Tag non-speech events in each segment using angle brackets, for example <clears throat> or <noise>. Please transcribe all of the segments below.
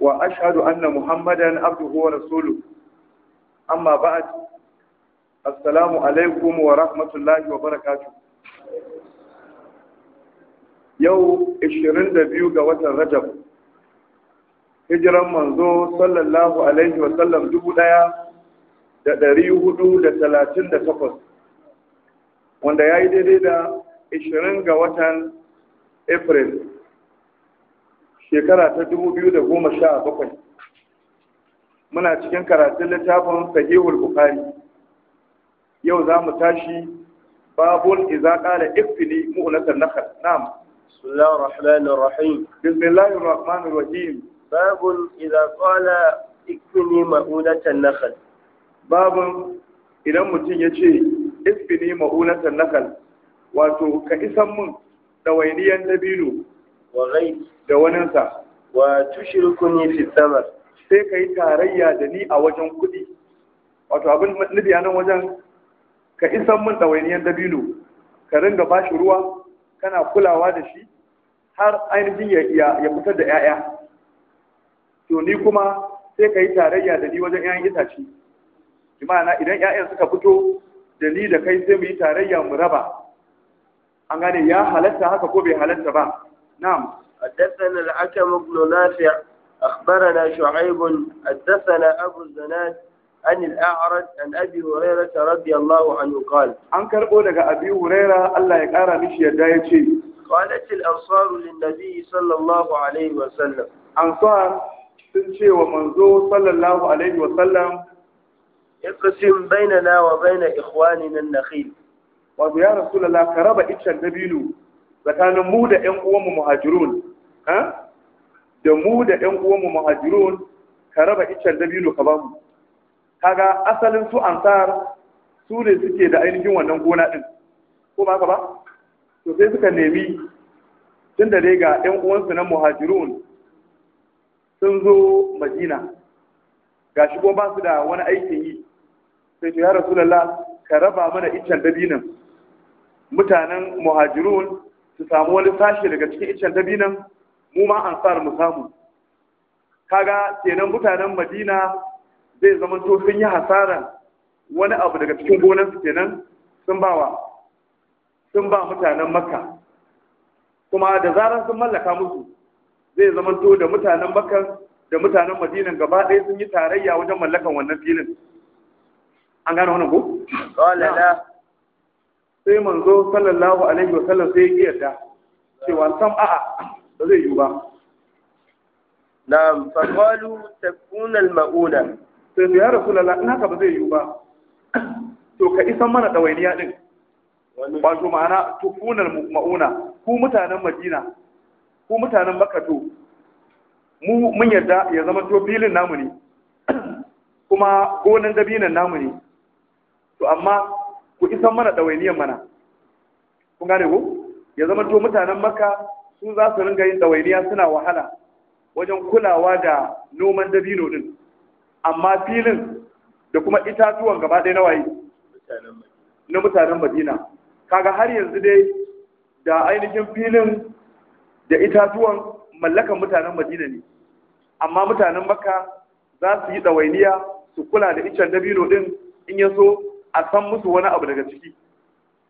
Wa na وأشهد أن محمدا عبده ورسوله أما بعد السلام wa ورحمة الله وبركاته يوم 22 ga watan Rajab hijiran manzo sallallahu alaihi wa sallam dubu daya da ɗari hudu da talatin da takwas wanda ya yi daidai da 20 ga watan April shekara ta dubu biyu da goma sha bakwai. muna cikin karatun littafin sahihul bukari, yau za mu tashi babul iza kala ifini mu'natan nakhal na'am bismillahir rahmanir rahim bismillahir rahmanir rahim babul iza qala ifni mu'natan nakhal babun idan mutum ya ce ifni mu'natan nakhal wato ka isan mun dawainiyan dabino wa ghairi da waninsa wa tushrikuni fi thamar sai yi tarayya da ni a wajen kuɗi wato abin nufi a nan wajen ka isan min ɗawainiyar dabino ka ringa ba shi ruwa kana kulawa da shi har ainihin ya fitar da 'ya'ya to ni kuma sai ka yi tarayya da ni wajen 'ya'yan itace imana idan 'ya'yan suka fito da ni da kai sai mu yi tarayya mu raba an gane ya halatta haka ko bai halatta ba نعم حدثنا الحكم بن نافع أخبرنا شعيب حدثنا أبو الزناد عن الأعرج عن أبي هريرة رضي الله عنه قال أنكر أولك أبي هريرة الله يقارى مش يدايتي قالت الأنصار للنبي صلى الله عليه وسلم أنصار تنشي ومنزو صلى الله عليه وسلم اقسم بيننا وبين إخواننا النخيل wato ya rasu lalla ka raba iccen dabino tsakanin mu da 'yan uwanmu muhajirun ha da mu da 'yan uwanmu muhajirun ka raba iccen dabino ka bamu kaga asalin su ansar su ne suke da ainihin wannan gona ɗin, ko ba ka ba to sai suka nemi Tunda dai ga 'yan uwansu na muhajirun sun zo madina ga shi ba su da wani aikin yi sai to ya rasulallah ka raba mana iccen dabinan mutanen muhajirun su samu wani sashi daga cikin iccen dabinan mu ma ansar mu samu kaga kenan mutanen madina zai zama to sun yi hasara wani abu daga cikin gonarsu kenan sun bawa sun ba mutanen makka kuma da zarar sun mallaka musu zai zama to da mutanen makka da mutanen madinan gaba ɗaya sun yi tarayya wajen mallakan wannan filin an gane wannan ko? sai manzo sallallahu alaihi wa sallam sai ya yarda cewa san a'a ba zai yi ba na'am fa qalu takun al mauna sai ya rasulullah ina ka ba zai yi ba to ka isa mana dawainiya din wato ma'ana al mauna ku mutanen madina ku mutanen makato mu mun yarda ya zama to filin namu ne <clears throat> kuma gonan dabinan namu ne to amma ku isan mana ɗawainiyar mana kun gane ku ya zama to mutanen maka su za su ringa yin ɗawainiya suna wahala wajen kulawa da noman dabino din amma filin da kuma itatuwan gaba ɗaya na waye na mutanen madina kaga har yanzu dai da ainihin filin da itatuwan mallakan mutanen madina ne amma mutanen maka za su yi ɗawainiya su kula da icen dabino din in ya so a san musu wani abu daga ciki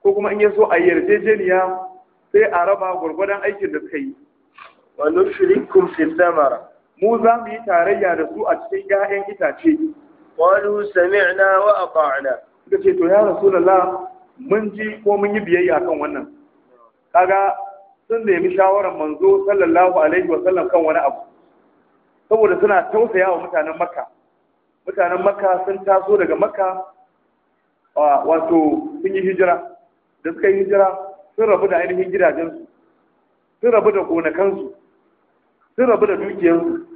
ko kuma in ya so a yarjejeniya sai a raba gwargwadon aikin da suka yi wa nushrikum fi mu za mu yi tarayya da su a cikin 'ya'yan itace qalu sami'na wa ata'na suka to ya rasulullah mun ji ko mun yi biyayya kan wannan kaga sun nemi shawarar manzo sallallahu alaihi wa sallam kan wani abu saboda suna tausaya wa mutanen makka mutanen makka sun taso daga makka wato sun yi hijira da suka yi hijira sun rabu da ainihin gidajensu sun rabu da gonakansu sun rabu da dukiyarsu